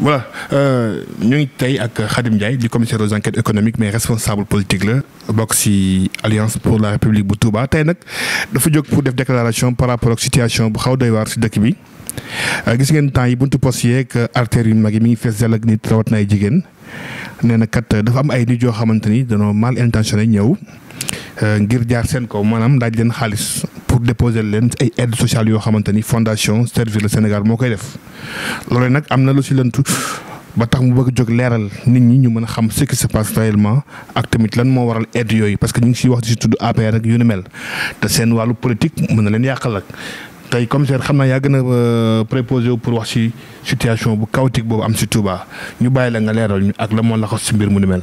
voilà euh, ñu ngi tey ak Khadim Ndiaye di commissaire aux enquêtes économiques mais responsable politique la bokk ci alliance pour la république bu Touba tey nag dafa jóg pour def déclaration par rapport ak situation bu xaw doy waar ci dëkk bi euh, gis ngeen temps yi buntu poste yeeg artères yu mag yi mi ngi fees dell ak nit rawat naay jigéen nee na kat dafa am ay nit yoo xamante ni danoo mal intentionné ñëw euh, ngir jaar seen ko maanaam daaj leen xaalis. pour déposer leen ay aide sociale yoo xamante ni fondation Servir le Sénégal moo koy def loolu nag am na lu si lëntu ba tax mu bëgg jóg leeral nit ñi ñu mën a xam ce qui se passe réellement ak tamit lan moo waral aide yooyu parce que ñu ngi si wax di si tudd APR ak yu ni mel te seen wàllu politique mën na leen yàqal ak tey commissaire xam naa yaa gën a préposé pour wax si situation bu chaotique boobu am si Touba ñu bàyyi la nga leeral ñu ak la moo laxas si mbir mu ni mel.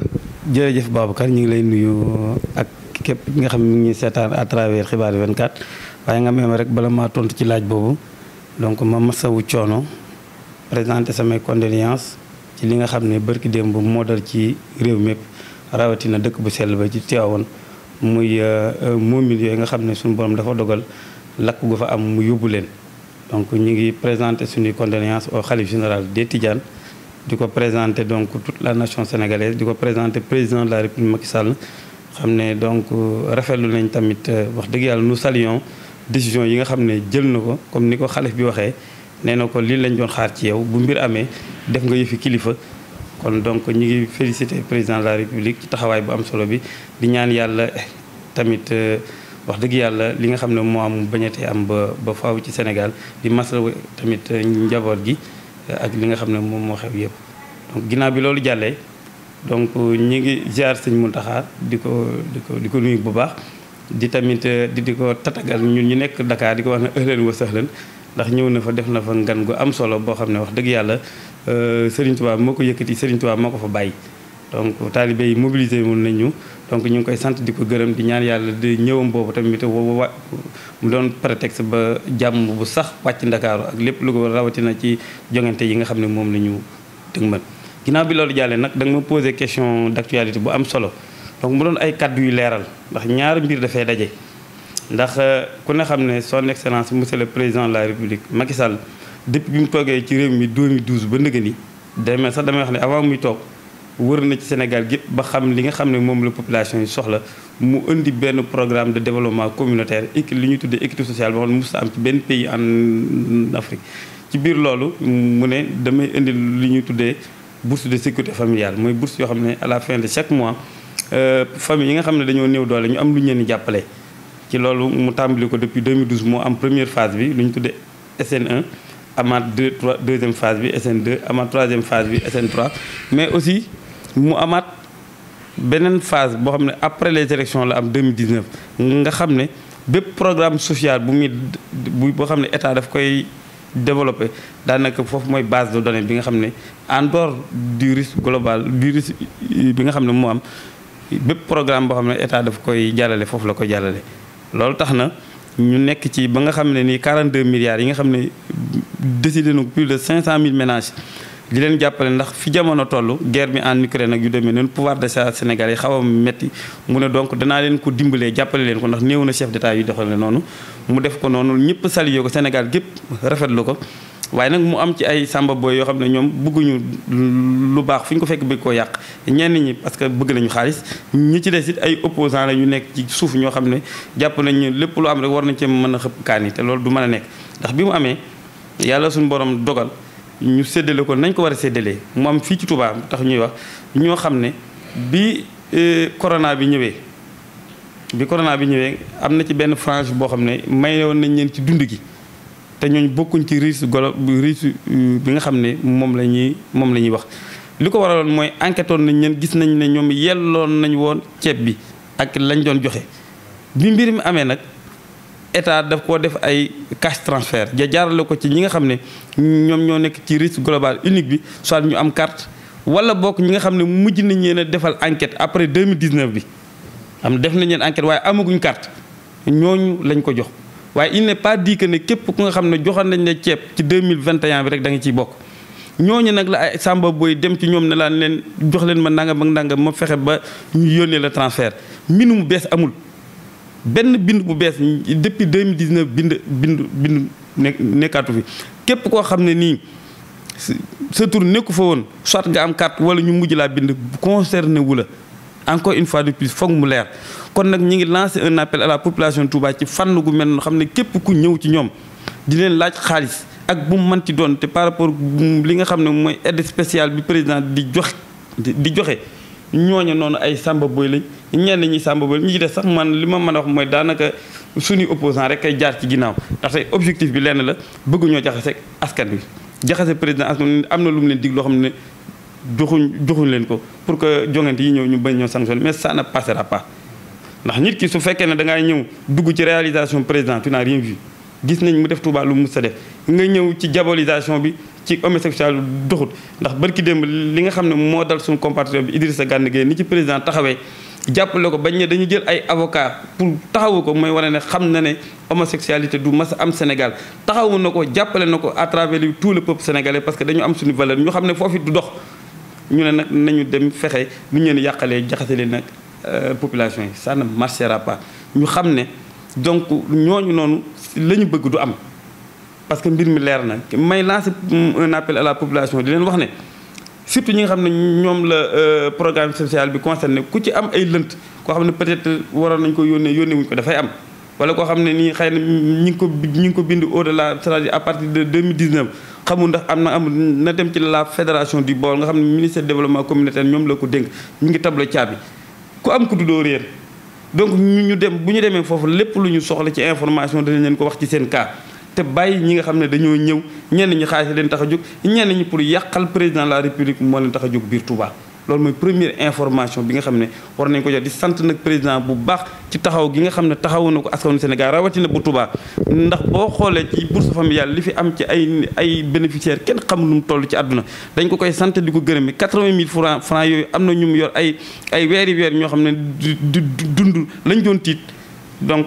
jërëjëf Babacar képp ki nga xam ne mi ngi seetaan à travers xibaar 24 waaye nga meema rek bala maa tontu ci laaj boobu donc ma masawu coono présenté samay condoléances ci li nga xam ne dem démb moo dal ci réew mépp rawatina dëkk bu sell ba ci Tivaouane muy euh, euh, moomil yooyu nga xam ne suñu borom dafa dogal lakk gu fa am mu yóbbu leen donc ñu ngi présenté suñuy condoléances au khalife général des Tidianes di ko présenté donc tout la nation sénégalaise di ko présenté président la république Macky Sall xam ne donc euh, rafetlu nañ tamit euh, wax dëgg yàlla nous salion décision yi nga xam ne jël na ko comme ni ko xalif bi waxee nee na ko lii lañ doon xaar ci yow bu mbir amee def nga yëfi kilifa kon donc ñu ngi féliciter président de la république ci taxawaay bu am solo bi di ñaan yàlla tamit euh, wax dëgg yàlla li nga xam ne moo am bañatee am ba ba faaw ci Sénégal di maslaw tamit njaboot gi ak li nga xam ne moom moo xew yëpp donc ginnaaw bi loolu jàllee donc ñi ngi ziar sëñ Muntaxa di ko di ko di ko nuyu bu baax di tamit euh, di di ko tatagal ñun ñu nekk ndakaar di ko wax na ëhlan wa sëhlan ndax ñëw na fa def na fa ngan gu am solo boo xam ne wax dëgg yàlla euh, Serigne Touba moo ko yëkkati Serigne Touba moo ko fa bàyyi donc taalibe yi mobilisé woon nañu donc ñu ngi koy sant di ko gërëm di ñaan yàlla di ñëwam boobu tamit wa mu doon prétexte ba jàmm bu sax wàcc Ndakaaru ak lépp lu ko rawatina ci jongante yi nga xam ne moom la ñu dëgmal ginnaaw bi loolu jàllee nag da nga ma posé question d'actualité bu am solo donc mu doon ay kaddu yu leeral ndax ñaari mbir dafay daje ndax euh, ku ne xam ne son excellence se le président de la république Macky Sall depuis bi mu toogee ci réew mi 2012 ba nëgë ni demee sax damay wax ne avant muy toog wër na ci Sénégal gépp ba xam li nga xam ne moom la population yi soxla mu indi benn programme de développement communautaire équi li ñuy tuddee équité sociale boo xam am ci benn pays en ci biir loolu mu indi li ñuy tuddee bourse de sécurité familiale mooy bourse yoo xam ne à la fin de chaque mois euh, famille yi nga xam ne dañoo néew doole ñu am lu ñu leen di jàppale. ci loolu mu tàmbali ko depuis 2012 moo am première phase bi lu ñu tuddee SN1 amaat deux trois phase bi SN2 amaat troisième phase bi SN3 mais aussi mu amaat beneen phase boo xam ne après les élections la am 2019 nga xam ne bépp programme social bu muy bu boo xam ne état daf koy. développé daanaka foofu mooy base de données bi nga xam ne en dehors du risque global du risque bi nga xam ne moo am bépp programme boo xam ne état daf koy jàllale foofu la koy jàllale. loolu tax na ñu nekk ci ba nga xam ne ni nii 42 milliards yi nga xam ne décidé na plus de mille ménages. di leen jàppale ndax fi jamono toll guerre bi en Ukraine nag yu demee noonu pouvoir d'achat sénégalais yi xaw a métti mu ne donc danaa leen ko dimbalee jàppale leen ko ndax néew na chef d'état yu doxale noonu mu def ko noonu ñëpp salué ko Sénégal gépp rafetlu ko waaye nag mu am ci ay samba boy yoo xam ne ñoom bëgguñu lu baax fu ñu ko fekk bëgg koo yàq ñenn ñi parce que bëgg nañu xaalis ñi ci des it ay opposants la ñu nekk ci suuf ñoo xam ne jàpp nañu lépp lu am rek war nañ cee mën a xëpp kaan yi te loolu du mën a nekk ndax bi mu amee yàlla suñu boroom dogal ñu séddale ko nañ ko war a seddalee moom fii ci Touba tax ñuy wax ñoo xam ne bi euh, corona bi ñëwee bi corona bi ñëwee am na ci benn frange boo xam ne mayoon nañ leen ci dund gi te ñooñ bokkuñ ci riche golo riche euh, bi nga xam ne moom la ñuy moom la ñuy wax li ko waraloon mooy enquête nañ leen gis nañ ne ñoom yelloon nañ woon ceeb bi ak lañ doon joxe bi mbir mi amee nag état daf koo def ay cash transfert ja jaarale ko ci ñi nga xam ne ñoom ñoo nekk ci risque global unique bi soit ñu am carte wala bokk ñi nga xam ne mujj nañ leen a defal enquête après 2019 bi am def nañ leen enquête waaye amaguñ carte ñooñu lañ ko jox waaye il n'est pas dit ne képp ku nga xam ne joxoon nañ la ceeb ci 2021 bi rek da nga ciy bokk ñooñu nag la ay sàmba booy dem ci ñoom ne laa leen jox leen ma nangam ak nangam ma fexe ba ñu yónnee la transfert mbinu mu bees amul benn bind bu bees depuis 2019 bind bind bind nekkaatu fi képp koo xam ne nii sa tur nekku fa woon soit nga am carte wala ñu mujj laa bind concerné wu la encore une fois de plus foog mu leer kon nag ñi ngi lancé un appel à la population Touba ci fànn gu mel noonu xam ne képp ku ñëw ci ñoom di leen laaj xaalis ak bu mu mënti doon te par rapport li nga xam ne mooy aide spéciale bi président di jox di joxe ñooña noonu ay sàmba boy lañ ñenn ñi sàmba boy ñi des sax man li ma mën a wax mooy daanaka suñuy opposant rek kay jaar ci ginnaaw ndaxte objectif bi lenn la bëgguñoo jaxase askan wi jaxase président askan am na lu leen dig loo xam ne joxuñ joxuñ leen ko pour que jongante yi ñëw ñu bañ ñoo sanctionné mais ça ne passera pas ndax ñit ki su fekkee ne da ngaa ñëw dugg ci réalisation président tu n'as rien vu gis nañ mu def Touba lu mu sa def ñëw ci diabolisation bi ci homosexuel doxut ndax barki démb li nga xam ne moo dal suñu compatriote bi Idrissa Gana Gueye ni ci président taxawee jàppale ko bañ ne dañu jël ay avocat pour taxawu ko mooy wane ne xam na ne homosexualité du mas a am Sénégal taxawu na ko jàppale na ko à travers tout le peuple sénégalais parce que dañu am suñu valeur ñu xam ne foofu du dox ñu ne nag nañu dem fexe bu ñu leen yàqalee jaxase leen nag euh, population yi ça ne marchera pas ñu xam ne donc ñooñu noonu la ñu bëgg du am parce que mbir mi leer na may lancer un appel à la population di leen wax ne surtout ñi nga xam ne ñoom la euh, programme social bi concerné ku ci am ay lënt koo xam ne peut-être waroon nañ ko yónnee yónnee wuñ ko dafay am wala ko xam ne nii xëy na ñi ngi ko ñi ngi ko bind au delà c'est-à-dire à partir de 2019 xamul ndax am na am na dem ci la fédération du Baol nga xam ne ministère développement communautaire ñoom la ko dénk mi ngi tableau caabi ku am ku dudoo réer donc ñu dem bu ñu demee foofu lépp lu ñu soxla ci information danañ leen ko wax ci seen cas te bàyyi ñi nga xam ne dañoo ñëw ñenn ñi xaalis leen tax a jóg ñenn ñi pour yàqal président de la république moo leen tax a jóg biir Touba. loolu mooy première information bi nga xam ne war nañ ko jox di sant nag président bu baax ci taxaw gi nga xam ne taxawu na ko askanu Sénégal rawatina bu tubaa ndax boo xoolee ci bourse familiale li fi am ci ay ay bénéficiaires kenn xam lu mu toll ci àdduna dañ ko koy sant di ko gërëm 80 000 francs francs yooyu am na ñu mu yor ay ay weeri weer ñoo xam ne du dund lañ doon tiit donc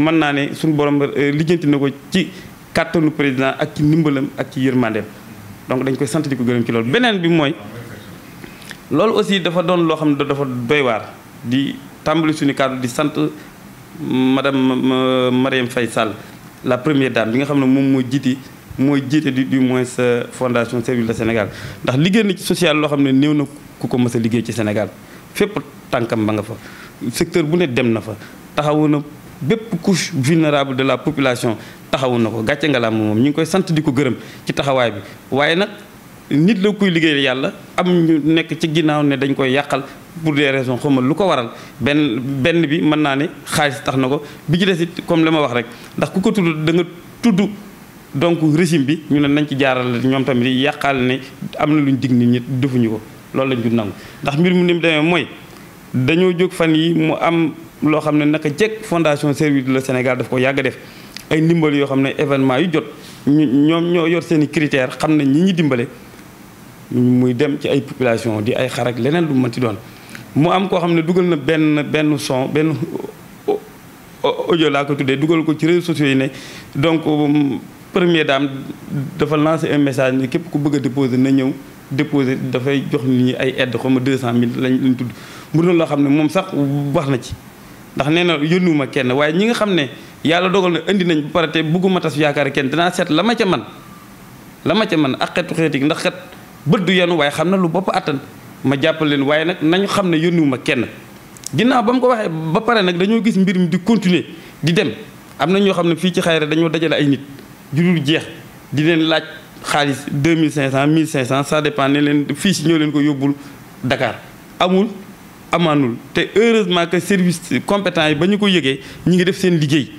mën naa ne suñu borom euh, lijjanti na ko ci kàttanu président ak ci ndimbalam ak ci yërmandeem donc dañ koy sant di ko gërëm ci loolu. beneen bi mooy loolu aussi dafa doon loo xam ne dafa doy waar di tàmbali suñu kàddu di sant madame euh, Marième fay Sall la première dame bi nga xam ne moom moo jiiti mooy jiite di du moins sa euh, fondation Servir le Sénégal ndax liggéey na ci social loo xam ne néew na ku ko mës liggéey ci Sénégal fépp tànkam ba nga fa secteur bu ne dem na fa bépp couche vulnérable de la population taxawu na ko gàcce nga la moom ñu ngi koy sant di ko gërëm ci taxawaay bi waaye nag nit la koy liggéeyal yàlla am ñu nekk ci ginnaaw ne dañ koy yàqal pour des raisons xawma lu ko waral benn benn bi mën naa ne xaalis tax na ko bi ci des comme li ma wax rek ndax ku ko tudd da nga tudd donc régime bi ñu ne nañ ci jaaral ñoom tamit yàqal ne am na luñ dig nit ñi defuñu ko loolu lañ du nangu ndax mbir mu ni mu demee mooy dañoo jóg fan yi mu am loo xam ne naka jekk fondation Servir le Sénégal daf ko yàgg def ay ndimbal yoo xam ne événement yu jot ñu ñoom ñoo yor seen i critères xam ne ñi ñi dimbale muy dem ci ay population di ay xarak leneen lu mënti doon mu am koo xam ne dugal na benn benn son benn audio laa ko tuddee dugal ko ci réseaux sociaux yi ne donc um, premier dame dafa lancé message ne képp ku bëgg a déposer na ñëw déposé dafay jox ni ñi ay aide xaw ma 200000 lañ lañ tudd mu doon loo xam ne moom sax wax na ci ndax nee na yónnuwuma kenn waaye ñi nga xam ne yàlla dogal na indi nañ ba pare te bëgguma tas yaakaar kenn dinaa seet la ma ca man la ma ca man ak xeetu xeet yi ndax kat bët du yenu waaye xam na lu bopp attan ma jàppal leen waaye nag nañu xam ne yónnuwuma kenn ginnaaw ba mu ko waxee ba pare nag dañoo gis mbir mi di continuer di dem am na ñoo xam ne fii ci xayra dañoo dajale ay nit judul jeex di leen laaj xaalis 2500 1500 ça dépend ne leen fii si ñoo leen ko yóbbul Dakar amaanul te heureusement que service compétent yi ba ñu ko yëgee ñu ngi def seen liggéey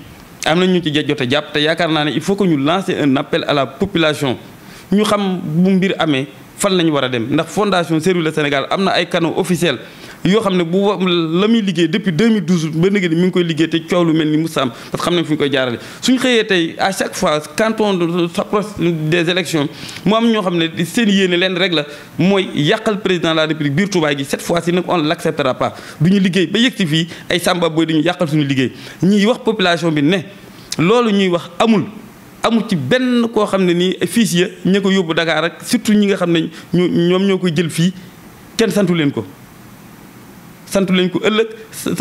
am na ñu ci jot a jàpp te yaakaar naa ne il faut que ñu lancer un appel à la population ñu xam mu mbir amee fan la ñu war a dem ndax fondation Servir Sénégal am na ay canaux officiels. yoo xam ne bu la muy liggéey depuis 2012 ba léegi mi ngi koy liggéey te coow lu mel ni Moussa am parce que xam nañ fu ñu koy jaarale suñ xëyee tey à chaque fois quand on s'approche des élections mu am ñoo xam ne seen yéene leen rek la mooy yàqal président de la république biir Touba gi cette fois ci nag on l'acceptera pas du ñu liggéey ba yëg ci fii ay Samba Boy dañu yàqal suñu liggéey ñuy wax population bi ne loolu ñuy wax amul amul ci benn koo xam ne nii fiis ya ko yóbbu Dakar ak surtout ñi nga xam ne ñu ñoom ñoo koy jël fii kenn santu leen ko santu leen ko ëllëg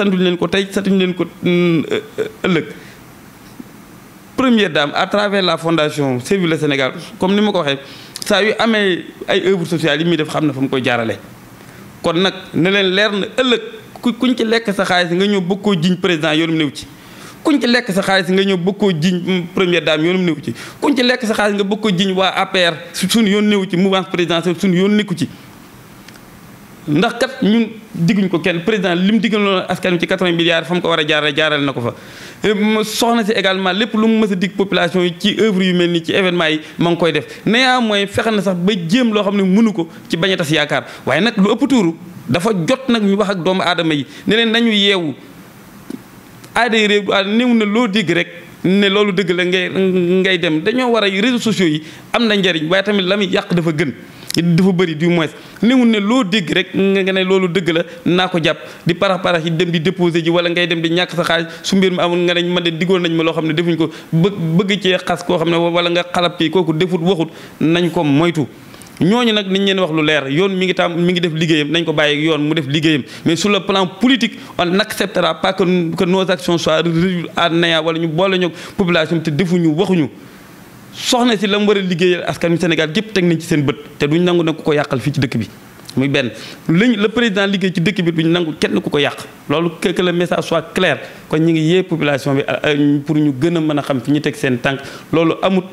santu leen ko tey santu leen ko mm, ëllëg première dame à la fondation Servir Sénégal comme ni ma ko waxee saa yu amee ay œuvres sociales yi muy def xam na fa mu koy jaarale kon nag ne leen leer na ëllëg ku kuñ ci lekk sa xaalis nga ñëw bëgg koo jiñ président yoonum néew ci kuñ ci lekk sa xaalis nga ñëw bëgg koo jiñ première dame yoonum néew ci kuñ ci lekk sa xaalis nga bëgg koo jiñ waa APR suñu yoon newu ci mouvance présidentielle suñu yoon ci ndax kat ñun digguñ ko kenn président li mu diggaloon askan wi ci 80 milliards fa mu ko war a jaarale jaarale na ko fa. Eh, soxna si également lépp lu mu mës a dig population yi ci œuvre yu mel ni ci événement yi ma ngi koy def néanmoins fexe na sax ba jéem loo xam ne mënu ko ci bañ a tas yaakaar waaye nag lu ëpp tuuru dafa jot nag ñu wax ak doomu aadama yi ne leen nañu yeewu aada yi réew néew na loo dégg rek. ne loolu dëgg la ngay ngay dem dañoo war a réseaux sociaux yi am na njariñ waaye tamit la muy yàq dafa gën dafa bëri du moins newul ne loo dégg rek nga ne loolu dëgg la naa ko jàpp di parax parax yi dem di déposé ji wala ngay dem di ñàkk sa xaalis su mbir mi amul nga neñ man de digoon nañ ma loo xam ne defuñ ko bëgg bëgg cee koo xam ne wala nga xalab kii kooku defut waxut nañ ko moytu ñooñu nag nañ ñeen wax lu leer yoon mi ngi tam mi ngi def liggéeyam nañ ko bàyyi yoon mu def liggéeyam mais sur le plan politique on n'acceptera pas que que nos actions soient à néant wala ñu boole ñoo population te defuñu waxuñu soxna si la mu war a liggéeyal askan wi Sénégal gépp teg nañ ci seen bët te duñ nangu nag ku ko yàqal fii ci dëkk bi muy benn lañ le président liggéey ci dëkk bi duñ nangu kenn ku ko yàq loolu que le message soit clair kon ñu ngi yee population bi euh, euh, pour ñu gën a mën a xam fi ñu teg seen tànk loolu amut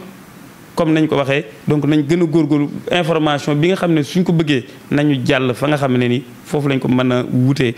comme nañ ko waxee donc nañ gën a góor information bi nga xam ne suñ ko bëggee nañu jàll fa nga xam ne ni foofu lañ ko mën a wutee